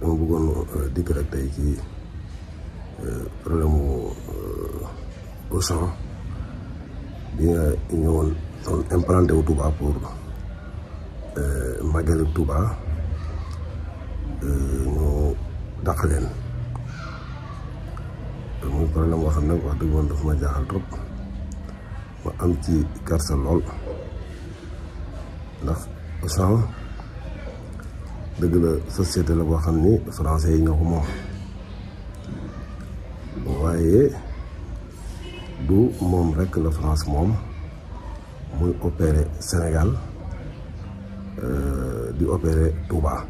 dama bëggoon euh, dikk rek tey ci euh, problème mu euh, Auchan bi nga ñëwoon doon implanté wu Touba pour Magalu Touba ñu dàq leen muy problème boo xam ne wax dëgg woon dafa ma jaaxal trop ma am ci kersa lool ndax Auchan dëgg la société la boo xam ni français yi ñoo ko du mom rek la France mom muy opérer Sénégal euh di opérer Touba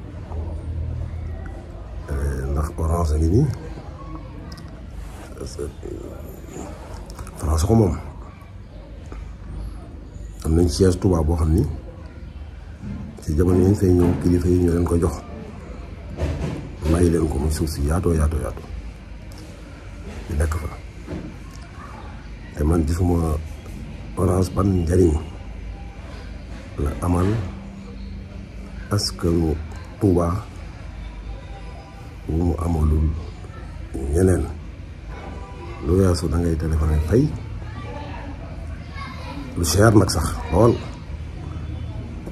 euh, ndax orange ngi nii euh, France ko mom am nañ siège Touba bo xamni ci jamono yi ñu fay ñëw kilifa yi ñu leen ko jox may leen ko muy suuf si yaatoo yaatoo yaatoo di nekk fa te man gisuma Orange ban njariñ la amal askanu Touba ñu mu amalul ñeneen lu yaasu da ngay téléphoné lu cher nag sax lool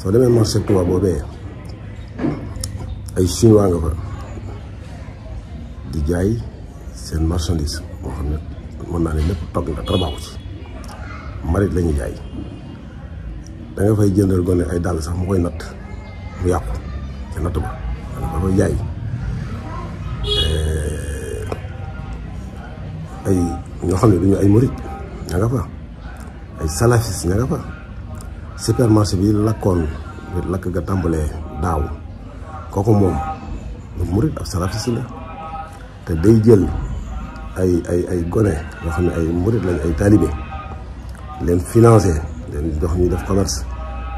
soo demee marché Touba boobee ay chinois nga fa di jaay seen marchandise moo xam ne mën naa ne lépp togg la dara ci marit la jaay da nga fay jëndal gone ay dàll sax mu koy natt mu yàqu ca natt ba da koy jaay eh, ay ñoo xam ne duñu ay murit ña nga fa ay salafis ña nga fa supermarché bi lakkoon lakk nga tàmbalee daaw kooku moom murit ab salafiste la te day jël ay ay ay gone yoo xam ne ay murit lañ ay taalibe leen financé leen jox ñuy def commerce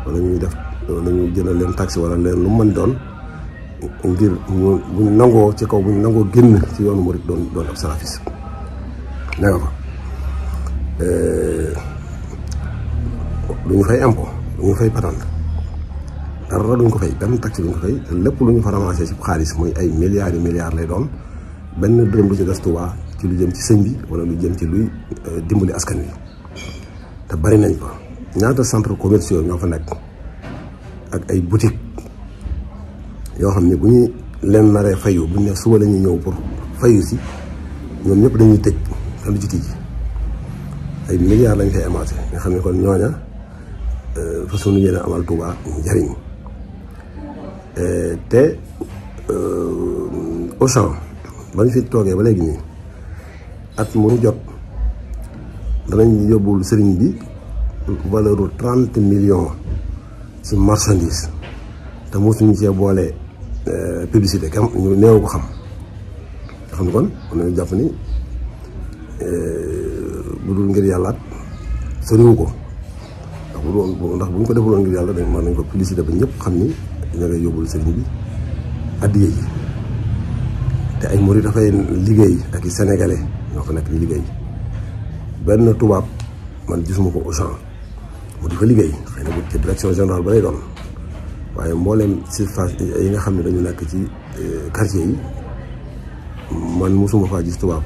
wala ñuy def wala ñu jëlal leen taxi wala leen lu mën doon ngir buñ nangoo ci kaw buñ nangoo génn ci yoonu murit doon doon ab salafiste ne nga euh, fay impôt ñu fay patante dara duñ ko fay benn taxe duñ ko fay lépp lu ñu fa ramassé ci xaalis muy ay milliards yu milliards lay doon benn dërëm du ci des Tuubaa ci lu jëm ci sëñ bi wala lu jëm ci luy euh, dimbali askan wi te bari nañ ko ñaata centres commerciaux ñoo fa nekk ak ay boutiques yoo xam ne bu ñu leen naree fayu bu ñu ne suba la ñuy ñëw pour fayu si ñoom ñëpp dañuy tëj te lu ci tijji ay milliards lañ koy amaate nga xam ne kon ñooña fas euh, yéene amal Touba njariñ euh, te euh, Auchan ba ñu fi toogee ba léegi nii at mu jot danañ yóbbul sëriñ bi valeur u trente millions ci marchandise te mosuñu cee boole publicité kam ñu néew ko xam nga xam ne kon kon nañu jàpp ni bu dul ngir yàllaat soriwu ko ndax bu doon ndax bu ñu ko defuloon ngir yàlla dañ mën nañ ko publicité ba ñëpp xam ni ña ngay yóbbul sëriñ bi addiye ji te ay mori dafay liggéey ak i sénégalais ñoo fa nekk di liggéey benn tubaab man gisuma ko Auchan mu di fa liggéey xëy na bu direction générale ba lay doon waaye mbooleem surface yi nga xam ne dañu nekk ci euh, quartier yi man mosuma faa gis tubaab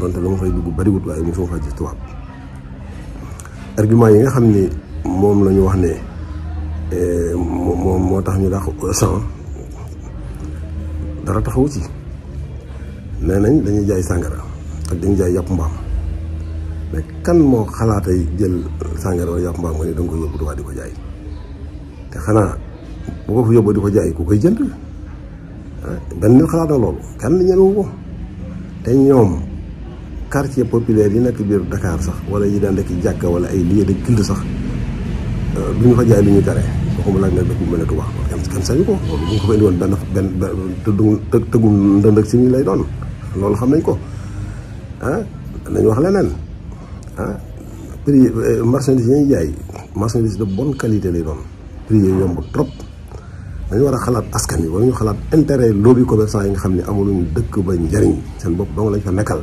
donte la ma fay dugg bariwut waaye mosuma faa gis tubaab argument yi nga xam ni moom la wax ne eh, moom moo tax ñu dàq sang dara taxawu ci nee nañ dañuy jaay sàngara ak dañuy jaay yàpp mbaam mais kan moo xalaatay jël sàngara wala yàpp mbaam nga ne danga ko yóbbu Tuubaa di ko jaay te xanaa bu di ko jaay ku koy jënd ah, benn nit xalaat na loolu kenn ñemewu ko te ñoom quartier populaire yi nekk biir Dakar sax wala yi daan nekk jàkka wala ay lieu de culte sax lu ñu fa jaay lu ñu tere waxuma laaj nag dëkk bu mel ne Touba kenn kenn sañu ko loolu bu ñu ko fa indiwoon benn benn tëddum tëggum ndënd ak si ñu lay doon loolu xam nañ ko ah nañ wax leneen ah prix eh, marchandise yi ñuy jaay marchandise de bon qualité lay doon prix yi trop dañu war a xalaat askan yi wala ñu xalaat intérêt lobby commerçant yi nga xam ne amuluñu dëkk ba njariñ seen bopp dong lañ fa nekkal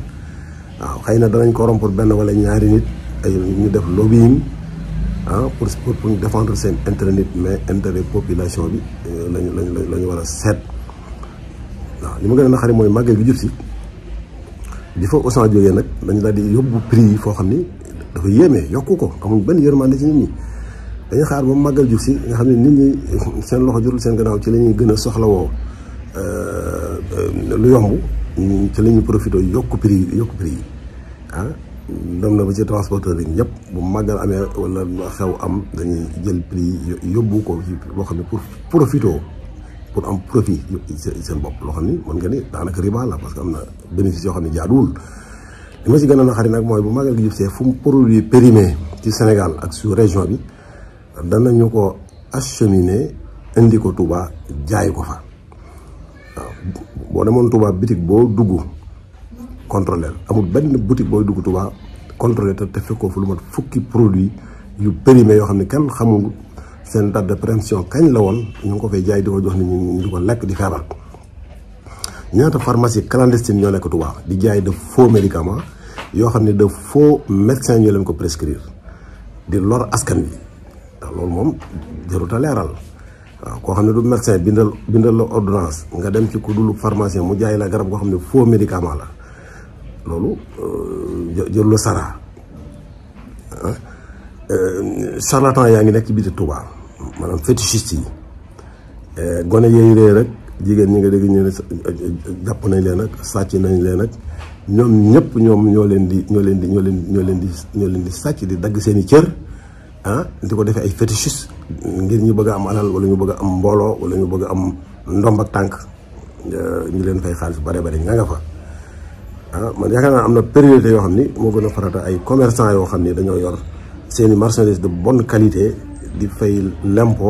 waaw xëy na danañ ko rompre benn wala ñaari nit ay ñu def lobbying ah pour pour pour défendre seen intérêt mais intérêt population bi euh, lañu lañu la ñu war a seet waaw li ma gën a naqari mooy màggee gi jub si di fa Auchan jógee nag dañu daal di yóbbu prix yi foo xam ni dafa yéeme yokku ko amuñ benn yërmande ci nit ñi dañu xaar ba màggal jub si nga xam ne nit ñi seen loxo jurul seen gannaaw ci la ñuy gën a soxlawoo euh, euh, lu yomb ci lañuy ñuy profité yokku prix yi yokku prix yi ah dem na ba ci transporteur yi ñëpp bu màggal amee wala xew am dañuy jël prix yóbbu ko ci loo xam ne pour profito pour am profit seen bopp loo xam ni mën nga ni daanaka riba la parce que am na bénéfice yoo xam ne jaaduwul li ma ci gën a nag mooy bu màggal gi jub see fu mu produit périmé ci Sénégal ak su région bi danañu ko acheminer indi ko Touba jaay ko fa waaw boo demoon Touba bitig boo dugg contrôler amul benn boutique boy dugg Touba contrôler te te fekkoo fu lu mat fukki produit yu périmé yo xamni kenn xamul seen date de préemption kañ la won ñu ko fay jaay di ko jox ni ñu di ko lek di feebar ñaata pharmacie clandestine ñoo nekk Touba di jaay de faux médicaments yo xamni de faux médecin ñoo leen ko prescrire di lor askan bi ndax loolu mom jarut a leeral waaw du médecin bindal bindal la ordonnance nga dem ci ku dul pharmacien mu jaay la garab go xamni faux médicament la loolu euh, jërul sara euh, charlatan yaa ngi nekk ci biir Touba maanaam fétichiste yi euh, gone yooyu ree rek jigéen ñi nga dégg ñu ne jàpp nañ leen ak sàcc nañ leen ak ñoom ñëpp ñoom ñoo leen di ñoo leen di ñoo leen ñoo leen di ñoo leen di sàcc di dagg seen i cër ah di ko defee ay fétichiste ngir ñu bëgg a am alal wala ñu bëgg a am mbooloo wala ñu bëgg a am ndomb ak tànk ñu leen fay xaalis bare bare ña nga fa. ah man yaakaar naa am na priorité yoo xam ni moo gën a farata ay commerçant yoo xam ni dañoo yor seeni marchandise de bon qualité di fay lempo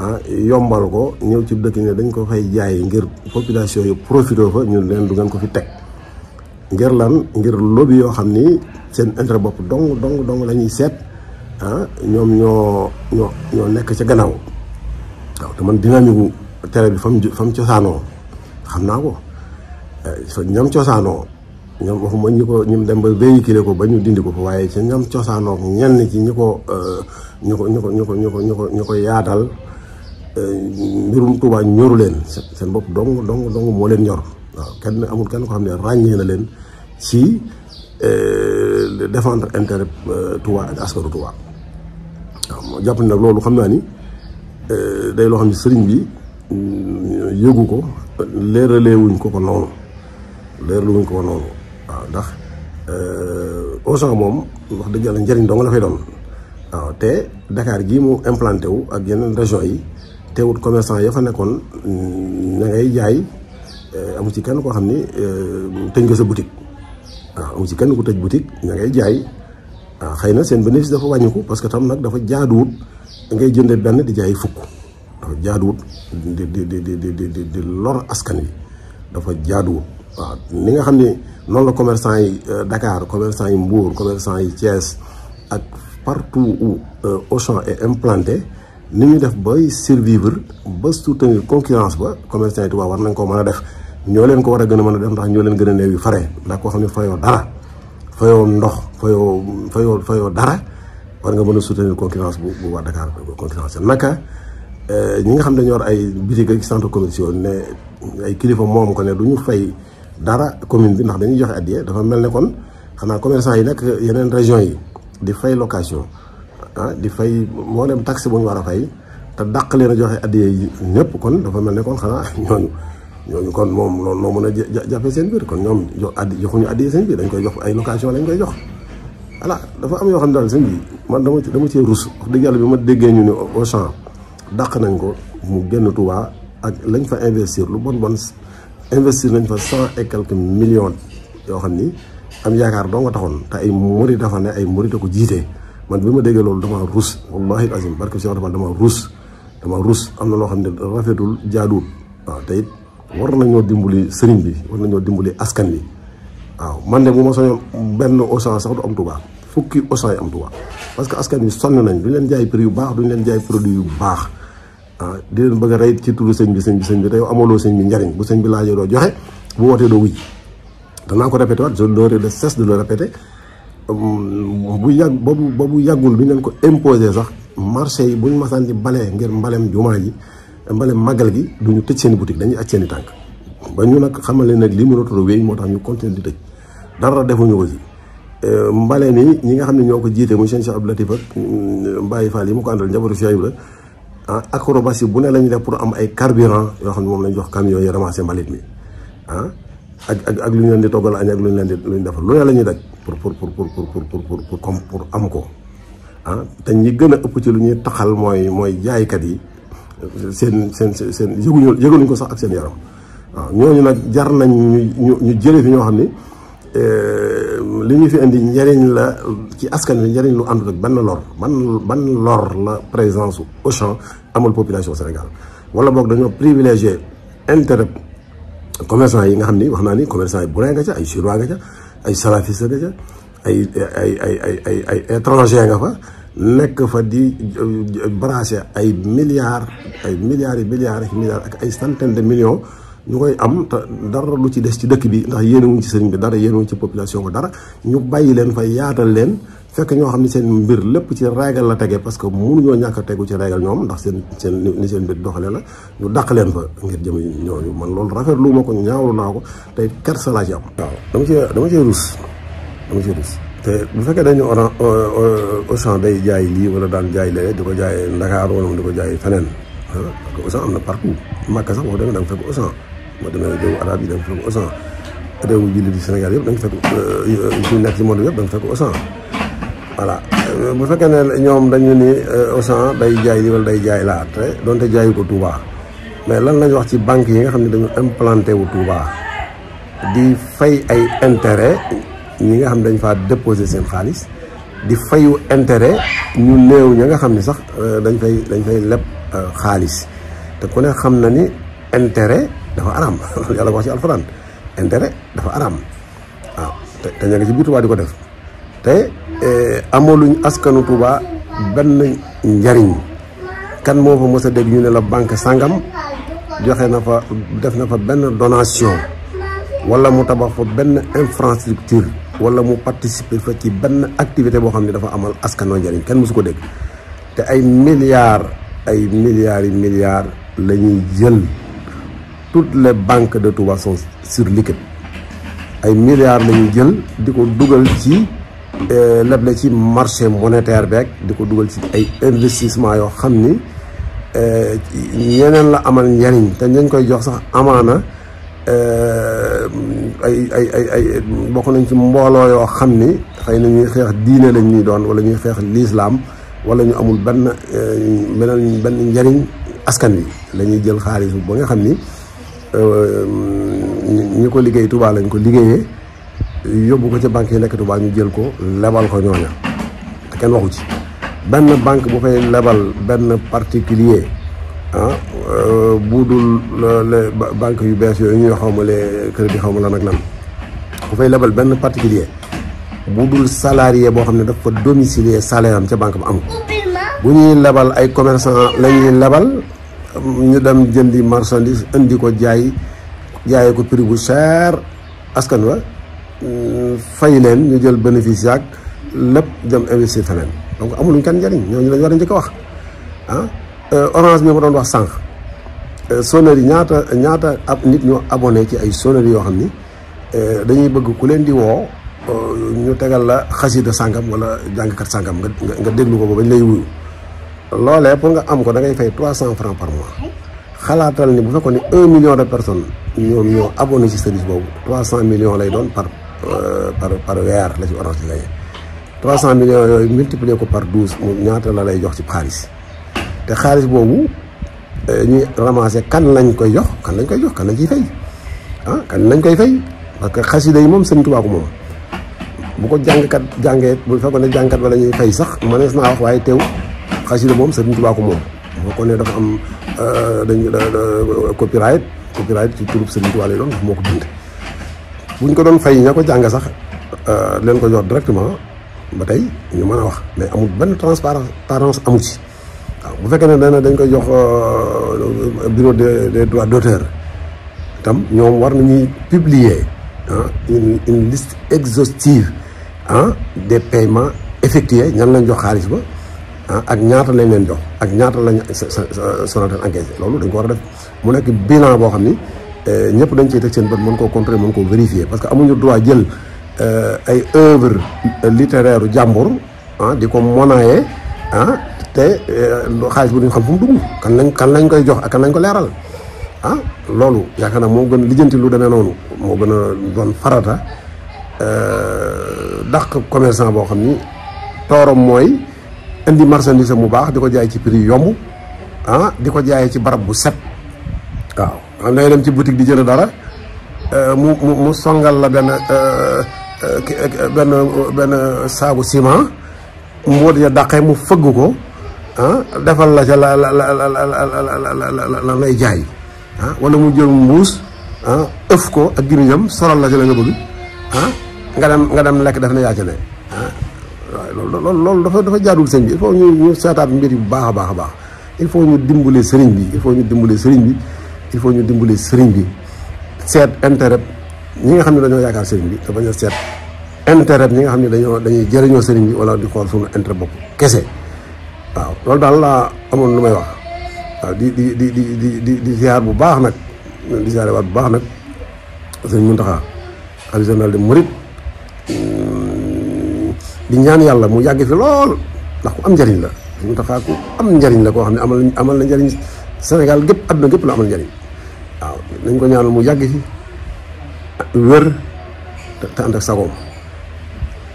ah yombal ko ñëw ci dëkk ne dañ ko fay jaay ngir population yu profité fa ñun leen du ngeen ko fi teg ngir lan ngir lobby yoo xam ni seen intérêt bopp dong dong dong lañuy seet ah ñoom ñoo ñoo ñoo nekk ca gannaaw waaw te man dynamique tere bi fa mu fa mu xam naa ko fa eh, ñam cosaanoo ñoom waxuma ñu ko ñu dem ba véhiculé ko ba ñu dindi ko fa waaye ci ñoom cosaanoo ñenn ci ñu ko euh, ñu ko ñu ko ñu ko ñu ko ñu ko ñu ko yaatal euh, mbirum Tuubaa ñoru leen seen bopp dong dong dong moo leen ñor waaw kenn amul kenn ko xam ne ràññee na leen ci euh, défendre intérêt Tuubaa ak askaru Tuubaa waaw moo jàpp ne nag loolu xam naa ni day loo xam ne sëriñ bi mm, yëgu ko leeralewuñ ko ko noonu leeralewuñ ko ko noonu ndax euh Auchan mom wax dëgg yàlla do nga la fay doon waaw té Dakar gi mu implanté wu ak yeneen région yi té wut commerçant ya fa nekkon na mm, ngay jaay euh amu ci kenn ko xamni euh teñ nga sa boutique waaw amu ci kenn ko tej boutique na ngay jaay waaw xëy na seen bénéfice dafa wàññiku parce que tam nak dafa jaaduwut ngay jënde ben di jaay fukk dafa jaaduwut di di di di di di lor askan yi dafa jaaduwut ni nga xam ne noonu la commerçant yi euh, Dakar commerçant yi Mbour commerçant yi Thiès ak partout où euh, Auchan est implanté ni ñu def bay survivre ba soutenir concurrence ba commerçant yi tubaab war nañ ko mëna def ñoo leen ko wara gëna mëna a mën a def ndax ñoo leen gën a néew yu fare ndax koo fayoo dara fayoo ndox fayoo fayoo fayoo dara war nga mëna a soutenir concurrence bu bu waa Dakar concurrence naka euh, ñi nga xam dañu war ay bitig ak centre commerciaux ne ay kilifa mom ko ne duñu fay dara commune bi ndax dañuy joxe addiya dafa mel ne kon xanaa commerçant yi nekk yeneen région yi di fay location ah di fay moo dem taxe bu ñu war fay te dàq leen joxe addiya ñëpp kon dafa mel ne kon xanaa ñooñu ñooñu kon moom loolu moo mën a jafe seen biir kon ñoom jox addi joxuñu addiya dañ koy jox ay location lañ koy jox voilà dafa am yoo xam ne daal seen man dama dama cee rus wax dëgg yàlla bi ma déggee ñu ne Auchan dàq nañ ko mu génn Tuubaa ak lañ fa investir lu bon bon investir nañ fa cent et quelques millions yoo xam ni am yaakaar doo nga taxoon te ay murid dafa ne ay murid ko jiite man bi ma déggee loolu dama ruus wallahi azim barke si man dama ruus dama ruus am na loo xam ne rafetul jaaduwul waaw te it war ñoo dimbali sëriñ bi war na ñoo dimbali askan bi waaw man de bu ma soñoon benn Auchan sax du am Touba fukki Auchan yi am Touba parce que askan bi sonn nañ duñ leen jaay prix yu baax duñ leen jaay produit yu baax ah di leen bëgg a rey ci turu sëñ bi sëñ bi sëñ bi te yow amaloo sëñ bi njariñ bu sëñ bi laajee doo joxe bu wootee doo wuj danaa ko répété waat je n'aurai de cesse de le répéter bu yàgg boobu boobu yàggul bi ñu leen ko imposé sax marché yi buñ masaan di balee ngir mbalem jumaa ji mbale màggal gi duñu tëj seen boutique dañuy aj seen i tànk ba ñu nag xamal leen nag lii mënatul a wéy moo tax ñu continuer di dara defuñu ko ci eh, mbaleen yi ñi nga xam ne ñoo ko jiite muy seen Cheikh Abdou Latif ak faal mm, Fall yi mu ko àndal njabootu Cheikh la akrobasi bu ne lañu def pour am ay carburant yo xam mom moom lañ jox camion yi ramasser malit mi han ak ak ak lu ñu di togal ak ak luñu len di luñu def lu ne lañu daj pour pour pour pour pour pour pour pour pour comme pour am ko han tan ñi gëna a ëpp ci luñu taxal moy moy jaay kat yi sen sen sen yeguñu yeguñu ko sax ak sen yaram waaw ñooñu nag jar nañ ñu ñu jëlé fi ñoo xam Euh, li ñu fi indi njëriñ la ci askan wi njëriñ lu àndul ak benn lor ban ban lor la présence su Auchan amul population Sénégal wala boog dañoo privilégié intérêt commerçant yi nga xam ni wax naa ni commerçant yi buree nga ca ay chinois nga ca ay salafiste nga ca ay ay ay ay ay étranger nga fa nekk fa di euh, brasser ay milliards ay milliards yi milliards ak ay centaines de million ñu koy am te dara lu ci des ci dëkk bi ndax yéene ci sëriñ bi dara yéene wuñ ci population bi dara ñu bàyyi leen fa yaatal leen fekk ñoo xam ne seen mbir lépp ci régal la tege parce que ñoo ñàkk a tegu ci régal ñoom ndax seen seen ni seen mbir doxale la ñu daq leen fa ngir jëm ñooñu man loolu rafetlu ma ko ñu ñaawlu naa ko tey kersa laa ci am. waaw dama ci dama ci rus dama ci rus te bu fekkee dañu oran Auchan day jaay lii wala daan jaay lee di ko jaay Ndakaar wala di ko jaay feneen ah am na partout Makka sax wax da nga fekk moo demee réewu arab yi da nga fekk Auchan réewu jullit yi Sénégal yëpp da nga fekk suñu euh, yëpp da nga fekk Auchan voilà euh, bu fekkee ne ñoom dañu ni euh, Auchan day jaay li wala day jaay laa te donte jaayu ko Touba mais lan lañ wax ci banque yi nga xam ne dañu implanté wu Touba di fay ay intéret ñi nga xam dañ faa déposé seen xaalis di fayu intéret ñu néew ña nga xam ni sax dañ fay dañ fay leb xaalis te ku ne xam na ni intérêt dafa araam yàlla wax ci alxuraan intérêt dafa araam waaw te ña ci biir Touba di ko def te eh, amaluñ askanu Touba benn njariñ kan moo fa mos a ñu ne la banque sangam joxe na fa def na fa benn donation wala mu tabax fa benn infrastructure wala mu participer fa ci benn activité boo xam ne dafa amal askanoo njariñ kenn mosu ko dégg te ay milliar ay milliards yi milliards la ñuy jël toutes les banques de Touba sur liquide ay milliards lañuy ñuy jël di ko dugal ci euh, leble ci marché monétaire beeg di ko dugal ci ay investissement yoo xam ni euh, yeneen la amal njariñ te dañ koy jox sax amaana euh, ay ay ay ay bokk nañ ci mbooloo yoo xam ni xëy na ñuy xeex diine lañ ñuy doon wala ñuy xeex lislaam wala ñu amul benn beneen benn njariñ askan wi la jël xaalis ba nga xam ni ñi ko liggéey Touba lañ ko liggéeyé yobbu ko ci banque yi nek Touba ñu jël ko lebal ko ñoña te kenn waxu ci ben banque bu fay lebal ben particulier ah bu dul le banque yu bëss yoy ñu xaw le crédit xaw ma lan ak lan bu fay lebal ben particulier bu dul salarié bo xamné dafa domicilier salaire am ci banque bu am bu ñuy lebal ay commerçant lañuy lebal ñu dem jëndi marchandise indi ko jaay jaayee ko prix bu cher askan wa euh, fay leen ñu jël bénéfice yaag lépp dem investir feneen donc amuluñ kenn njariñ ñooñu lañ war a njëkk a wax ah euh, orange bi ma doon wax sànq euh, sonnerie ñaata ñaata ab nit ñu abonné ci ay sonnerie yoo xam ni dañuy bëgg ku leen di woo ñu tegal la xasida sangam wala jàngkat sàngam nga nga déglu ko ba bañ lay wuyu lolé pour nga am ko da ngay fay 300 francs par mois khalatal ni bu fekkone 1 million de personnes ñom ñoo abonné ci service bobu 300 millions lay don par euh, par par weer la ci orange di gagné millions yoy multiplier ko par 12 mu ñaata la lay jox ci paris té xaalis bobu euh, ñi ramasser kan lañ koy jox kan lañ koy jox kan lañ ci fay ah kan lañ koy fay parce que xasida yi mom seigne touba ko mom bu ko jang kat jangé bu fekkone jang kat wala ñuy fay sax manes na wax waye téw xasida moom Sëriñ Tuubaa ko moom dafa ko ne dafa am euh, dañ copyright copyright ci turub Sëriñ Tuubaa lay doon ndax moo ko bu buñ ko doon fay ña ko jàng sax euh, leen ko jox directement ba tey ñu mën a wax mais amul benn transparence amu ci bu fekkee ne dana dañ koy jox euh, bureau des droits d'auteur tam ñoom war nañuy publier ah, une une liste exhaustive ah des paiements effectués ñan lañ jox xaalis ba Ah, ak ñaata lañ leen jox ak ñaata lañ Sonatel encaissé loolu dañ ko war a def mu nekk bilan boo xam ni eh, ñëpp dañ ciy teg seen bët mën koo contrôler mën koo vérifier parce que amuñu droit jël eh, ay œuvre euh, littéraire jàmbur ah di ko monnaayee ah, te eh, xaalis bu nu xam fu mu dugg kan lañ kan lañ koy jox ak kan lañ ko leeral ah loolu yaakaar naa moo gën lijjanti lu demee noonu moo gën a doon farata dàq commerçant boo xam ni tooram mooy. indi marchandise mu bax di ko jaay ci prix yomb ah di ko ci barab bu set waaw xam dem ci boutique di jënd dara mu mu songal la euh ben ben sagu ciment mu ja daqé mu feug ko ah defal la la la la la la la lay jaay han wala mu jël mous han euf ko ak gimiñam soral la ca la nga bëgg han nga dem nga dem lek def na yaa loolu loolu dafa dafa jaadul sëñ bi il faut ñu ñu seetaat mbir yi bu baax a baax a baax il faut ñu dimbale sëriñ bi il faut ñu dimbale sëriñ bi il faut ñu dimbale sëriñ bi seet intérêt ñi nga xam ne dañoo yaakaar sëriñ bi te bañ a seet intérêt ñi nga xam ne dañoo dañuy jëriñoo sëriñ bi wala di xool suñu intérêt bopp kese waaw loolu daal laa amoon lu may wax waaw di di di di di di ziar bu baax nag di ziarewaat bu baax nag sëriñ Mountakha xalifa général de di ñaan yàlla mu yàgg fi lool ndax ku am njariñ la mu taxaa ku am njariñ la koo xam ne amal amal na njariñ Sénégal gépp na gépp la amal njariñ waaw nañ ko ñaanal mu yàgg fi wér te ànd ak sagoom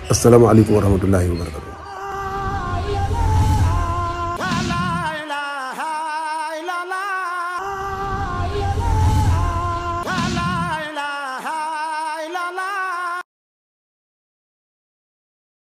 wa rahmatullahi wa barakatu